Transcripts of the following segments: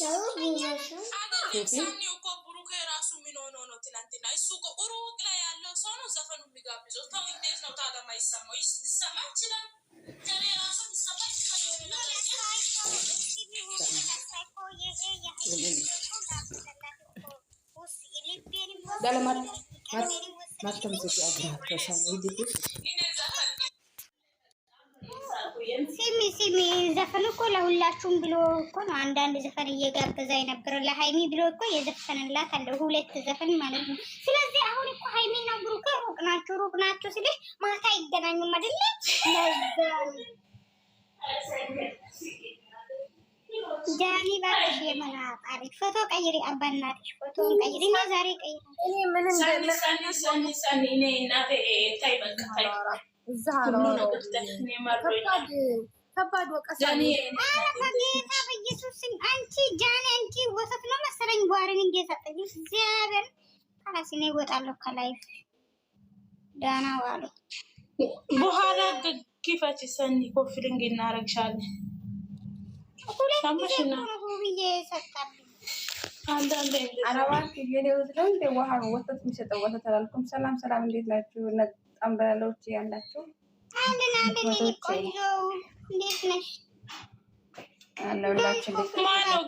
ሰው እኮ ብሩክ የራሱ ምን ሆኖ ነው? ትናንትና እሱ እኮ ሩቅ ላይ ያለው ሰው ነው ዘፈኑ የሚጋብዘው። ተው እንዴት ነው ታዲያ የማይሰማው? ሊሰማ ይችላል። ዳለማት ማተም ሴት ዘፈን እኮ ለሁላችሁም ብሎ እኮ ነው። አንዳንድ ዘፈን እየጋበዛ የነበረ ለሀይሚ ብሎ እኮ የዘፈንላት አለ ሁለት ዘፈን ማለት ነው። ስለዚህ አሁን እኮ ሀይሚና ብሩክ ሩቅ ናቸው፣ ሩቅ ናቸው ስልሽ ማታ ይገናኙ አይደለ? ጃኒ ባሽ የመናጣሪ ፎቶ ቀይሪ፣ አባናትሽ ፎቶ ቀይሪ። እኔ ዛሬ ቀይሪ እኔ ከባድ ወቀሳ ወተት ነው መሰለኝ ጓርን እንደሰጠኝ እግዚአብሔር ካላሲ ነው ይወጣለሁ ከላይፍ ዳና ዋሉ በኋላ ግፋች ሰኒ ኮፍሊንግ እናረግሻለን። ሁለትሁብዬ ሰላም ሰላም፣ እንዴት ናችሁ? በጣም በለውች ያላችሁ ቆንጆ ማነው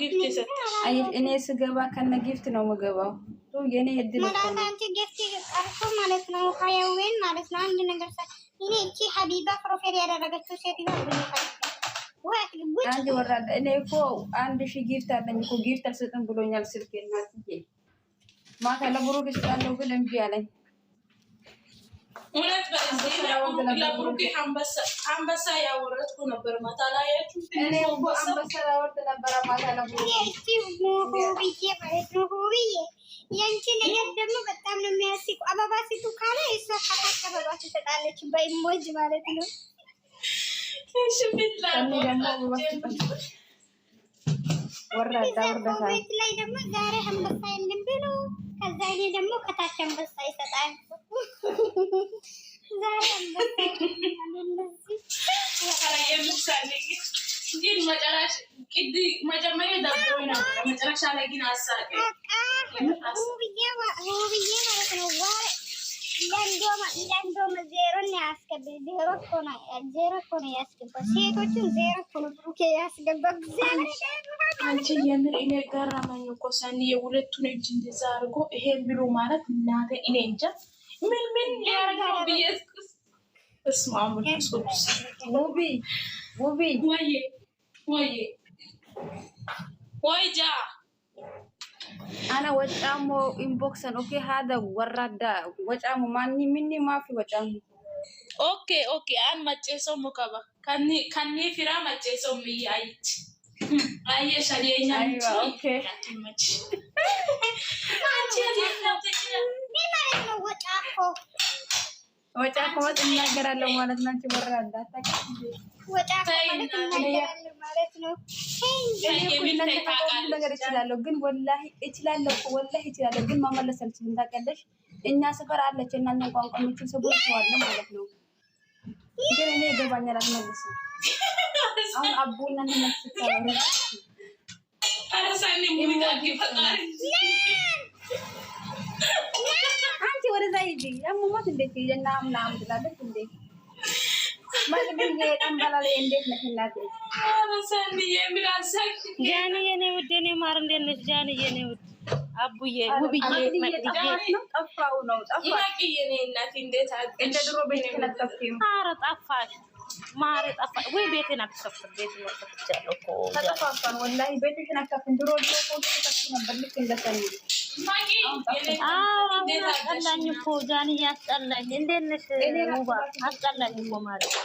ጊፍት የሰጠሽ? እኔ ስገባ ከነ ጊፍት ነው የምገባው። የኔ እድል አንቺ ጊፍት ቀርቶ ማለት ነው ሀያዌን ማለት ነው አንድ ነገር እኔ እቺ ሀቢባ ፕሮፌል ያደረገችው ሴትዮ አንድ እኔ እኮ አንድ ሺ ጊፍት አለኝ እኮ ጊፍት አልሰጥም ብሎኛል። ማታ ለብሩክ እምቢ አለኝ። እውነት ለብሩኬ አንበሳ ያወረድኩ ነበር። ማታ ላይ የአንቺ ነገር ደግሞ በጣም ነው የሚያስቁ። አበባ ስጡ ካለ እሷ ከታች አበባ ትሰጣለች በኢሞጅ ማለት ነው። ወራዳ ወርደታ ላይ ደግሞ ዛሬ አንበሳ የለም ብሎ ከዛ እኔ ደግሞ ከታች አንበሳ ይሰጣል። ለንዶም ዜሮ ያስገባል። ዜሮ እኮ ነው ያስገባል። ሴቶችን ዜሮ እኮ ነው ብሩኬ ያስገባል። አንቺ የምር እኔ ገረመኝ እኮ ሰኒ የሁለቱን እጅ እንደዛ አድርጎ ይሄን ብሎ ማለት እናቴ፣ እኔ እንጃ ምን ምን ያደርጋል ብዬ እስማ ምልክስ ቅዱስ ውቢ ውቢ ወይ ወይ ወይ ጃ አነ ወጫሞ ኢንቦክሰን ኦኬ ሀደ ወራዳ ወጫሞ ማኒ ሚኒ ማፊ ወጫሞ ኦኬ ኦኬ አን መጨሶ ሙከባ ከኒ ከኒ ፊራ መጨሶ ሚያይት አየ ሸሪኛ ኦኬ አንቺ ወጫኮ እናገራለሁ ማለት ነው። አንቺ ወራዳ ወጫኮ ማለት እናገራለሁ ማለት ነው። ነገር እችላለሁ፣ ግን ወላሂ እችላለሁ፣ ወላሂ እችላለሁ፣ ግን መመለስ አልችልም። ታውቂያለሽ፣ እኛ ሰፈር አለች እና እኛ ቋንቋ ምችል ሰዎች ዋለ ማለት ነው። ግን እኔ ይገባኛል፣ አልመለስም። አሁን አቦና አንቺ ወደዛ ሂጂ፣ ያሙማት እንዴት ሄደና ምናምን ትላለች እንዴት ጃኒ የኔ ውድ የኔ ማር እንዴት ነሽ? ጃኒ የኔ ውድ አቡዬ ውብዬ ጠፋሁ ነው ኧረ ጠፋሽ ማር ጠፋሽ ወይ ቤቴን አትከፍም ቤቴን ወጥቻለሁ እኮ ተጠፋፋን ወላሂ ቤቴን አትከፍም ድሮ ድሮ እኮ ተከፍቶ ነበር ልክ እንደ ሰኒ አስጠላኝ እኮ ጃኒ አስጠላኝ እንዴት ነሽ ሙባ አስጠላኝ እኮ ማለት ነው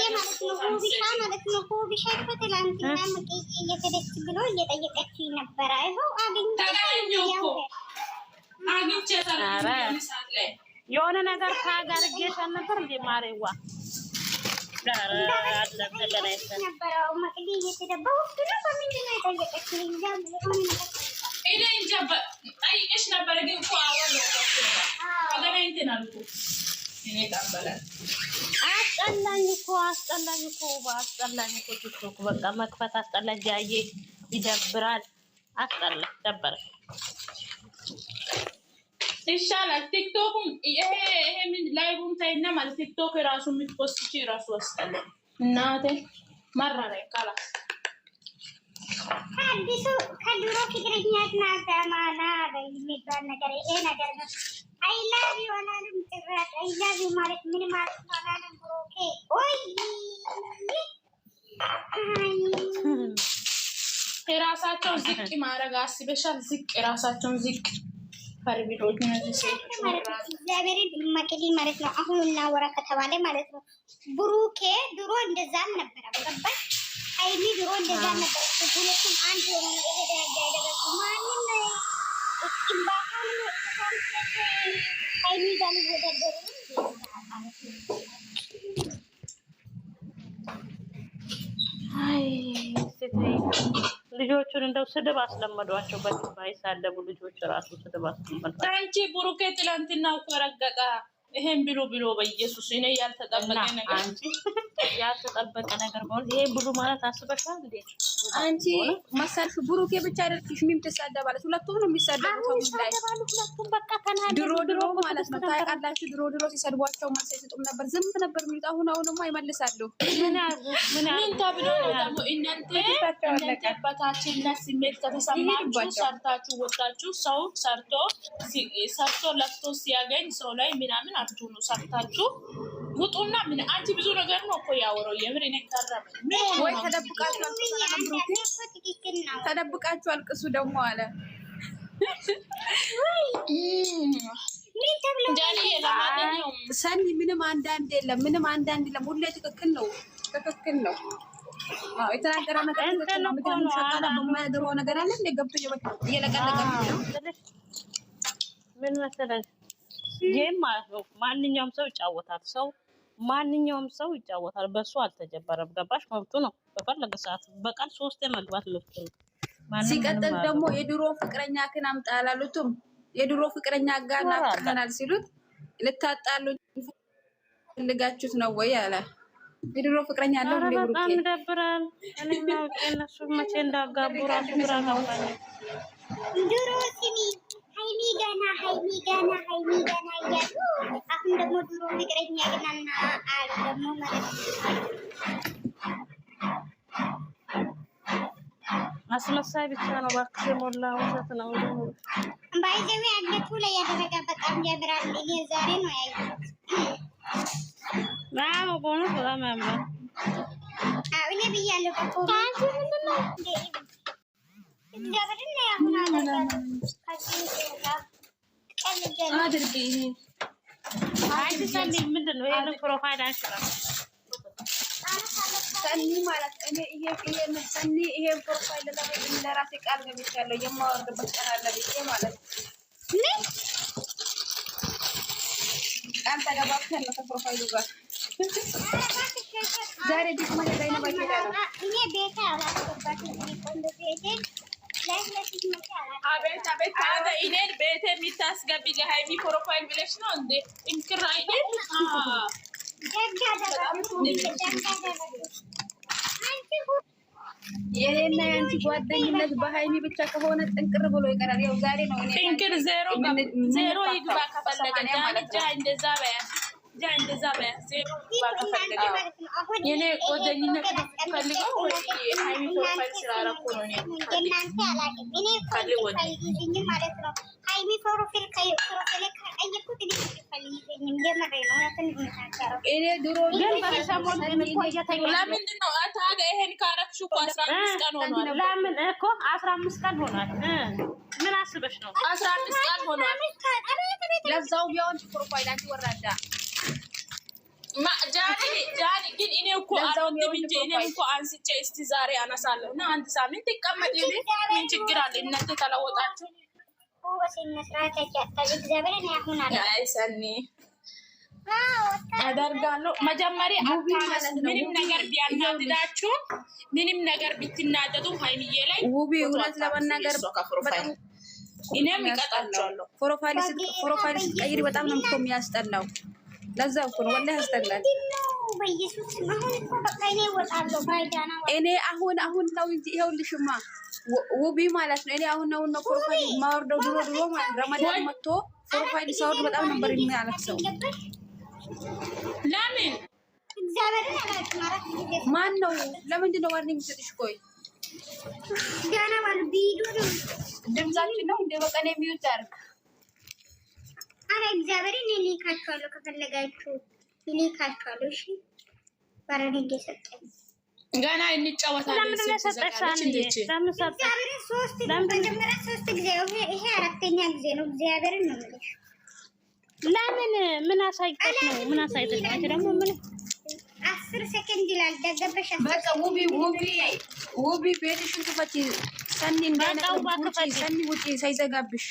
ማለት ነው ሆቢሻ ማለት ነው ሆቢሻ እኮ ትላንትና መቀየ እየተደች ብሎ እየጠየቀችኝ ነበረ። ይኸው የሆነ ነገር ታጋርጌሻል ነበር እንዴ ማሬዋ ነበረ ግን አስጠላኝ እኮ አስጠላኝ እኮ አስጠላኝ እኮ ቲክቶክ በቃ መክፈት አስጠላኝ። ጃዬ ይደብራል። አስጠላ ደበረ ይሻላል። ቲክቶክም ይሄ ላይቡም ታይና ማለት ቲክቶክ የራሱ የምትፖስት የራሱ አስጠላኝ። እናቴ መረረኝ። ካላስ አዲሱ ከድሮ ፍቅረኛ ናት የሚባል ነገር ይሄ ነገር ነው አይላቪ አላለም። ጭራሽ አይላቪ ማለት ምን ማለት ነው አላለም። ብሮኬ ወይ የራሳቸውን ዝቅ ማድረግ አስበሻል? ዝቅ የራሳቸውን ዝቅ ፈርቢሎች እግዚአብሔርን ይማቅል ማለት ነው። አሁን እናወራ ከተባለ ማለት ነው። ብሩኬ ድሮ እንደዛም ነበረ። ገባሽ ሀይሚ ድሮ እንደዛ ነበረ። ሁለቱም አንድ የሆነ ነው። ማንም ልጆቹን እንደው ስድብ አስለመዷቸው። በፊት አይሳለቡ ልጆች ራሱ ስድብ አስለመዷቸው። አንቺ ብሩኬ ትላንትና እኮ ረገጠ። ይሄን ብሎ ብሎ በኢየሱስ እኔ ያልተጠበቀ ነገር ያልተጠበቀ ነገር ይሄን ብሎ ማለት አስበሻል እንዴ? አንቺ መሰልሽ ብሩኬ ብቻ አይደለሽ፣ ሚም ትሳደባለች። ሁለቱም ነው የሚሳደቡት። ሁለቱም በቃ ድሮ ድሮ ማለት ነው ታውቃላችሁ። ድሮ ድሮ ሲሰድቧቸው መልስ አይሰጡም ነበር፣ ዝም ነበር የሚሉት። አሁን አሁንማ ይመልሳሉ። ምን ተብሎ ነው ደግሞ እናንተ በታችነት ስሜት ከተሰማችሁ ሰርታችሁ ወጣችሁ። ሰው ሰርቶ ሰርቶ ለፍቶ ሲያገኝ ሰው ላይ ምናምን አትሁኑ። ሰርታችሁ ውጡና ምን አንቺ ብዙ ነገር ነው እኮ ያወረው። የምር እኔ ቀረበ ወይ ተደብቃችሁ አልቅሱ ደግሞ አለ። ሰኒ ምንም አንዳንድ የለም፣ ምንም አንዳንድ የለም። ሁሌ ትክክል ነው፣ ትክክል ነው የተናገረ ነገር ሸቃላ ነገር አለ እንደ ገብቶ እየለቀለቀ ነው። ምን መሰለሽ ይህም ማለት ነው ማንኛውም ሰው ይጫወታል ሰው ማንኛውም ሰው ይጫወታል። በእሱ አልተጀበረም። ገባሽ? መብቱ ነው። በፈለገ ሰዓት በቀን ሶስት መግባት መብቱ ነው። ሲቀጥል ደግሞ የድሮ ፍቅረኛ ክን አምጣ አላሉትም? የድሮ ፍቅረኛ ጋር ናፍቀናል ሲሉት ልታጣሉ ፈልጋችሁት ነው ወይ አለ። የድሮ ፍቅረኛ አለ አለው። በጣም ይደብራል። እኔና እነሱ መቼ እንዳጋቡ ራሱ ግራ ጋባል። ድሮ ስሚ ሀይሚ ገና ሀይሚ ገና ሀይሚ ገና እያሉ ፍቅረኛ ግን እና አሉ ደግሞ ማለት አስመሳይ ብቻ ነው። እባክሽ ሞላ ውሸት ነው። ባይዘዊ አገቱ ላይ ያደረገ በጣም ያምራል። እኔ ዛሬ ነው ያየሁት። አዎ በእውነት በጣም ያምራል። እኔ ብያለሁ ደብርና ያሁን አደርጋለሁ ቀልጃለሁ አድርግ አዲስ አንዴ ምንድን ነው ይሄንን ፕሮፋይል አንሽራም ሰኒ ማለት እኔ ይሄ ይሄ ሰኒ ይሄ ፕሮፋይል ለራሴ ቃል ገብቻለሁ። የማወርድበት ቀን አለ ብዬ ማለት ነው። ቃል ተገባብተን ነው ከፕሮፋይሉ ጋር ዛሬ ዲስማ ላይ ነው ባይታለ እኔ ቤታ አላስገባትም ቆንጆ ቤቴ አቤት አቤት ታዲያ እኔን ቤት የሚታስገቢ ለሀይሚ ፕሮፋይል ብለሽ ነው እንዴ? እንክራ እኔን የኔና የአንቺ ጓደኝነት በሀይሚ ብቻ ከሆነ ጥንቅር ብሎ ይቀራል። ያው ዛሬ ነው ጥንቅር ዜሮ ዜሮ ይግባ ከፈለገ ዳንጃ እንደዛ በያት ያ እንደዛ በያዘ የኔ ጓደኝነት ፈልገው ሀይሚ ፕሮፋይል ለምን እኮ አስራ አምስት ቀን ሆኗል። ምን አስበሽ ነው? አስራ አምስት ቀን ሆኗል። ለዛው ቢሆን ፕሮፋይል ወራዳ ጃኒ ግን እኔ እኮ አሮንት ብዬ እኔ እኮ አንስቼ እስቲ ዛሬ አነሳለሁ እና አንድ ሳምንት ይቀመጥ። ምን ችግር አለ? እናንተ ተለወጣችሁ። አደርጋለሁ መጀመሪያ አታመስ ምንም ነገር ቢያናድዳችሁ ምንም ነገር ብትናደዱ ሀይሚዬ ላይ እኔም ይቀጣቸዋለሁ። ፕሮፋይል ስትቀይሪ በጣም ነው የሚያስጠላው። ለዛ እኮ ነው ወላሂ ያስጠላል። እኔ አሁን አሁን ተው እንጂ ይኸውልሽማ ውቢ ማለት ነው። እኔ አሁን አሁን ነው ፕሮፋይል የማወርደው። ድሮ ድሮ ረመዳን መጥቶ ፕሮፋይል ሳወርድ በጣም ነበር የሚያለቅሰው። ለምን ማን ነው ለምንድን ነው ዋርኒንግ የሚሰጥሽ? ቆይ ድምጻችን ነው እንደ በቀን የሚዩት አረ እግዚአብሔርን እኔ እልካችኋለሁ፣ ከፈለጋችሁ እልካችኋለሁ። እሺ ባረን እየሰጠኝ ገና እንጫወታለን። እግዚአብሔርን ሶስት መጀመሪያ ሶስት ጊዜ ይሄ አራተኛ ጊዜ ነው። እግዚአብሔርን ነው የምልሽ። ለምን ምን አሳይተሽ ነው? ምን አሳይተሽ ነው? ደግሞ ምን አስር ሰከንድ ይላል። ደገበሽ በቃ ውቢ ውቢ ውቢ ቤትሽን ክፈቲ ሰኒ እንዳይነቀው ሰኒ ውጪ ሳይዘጋብሽ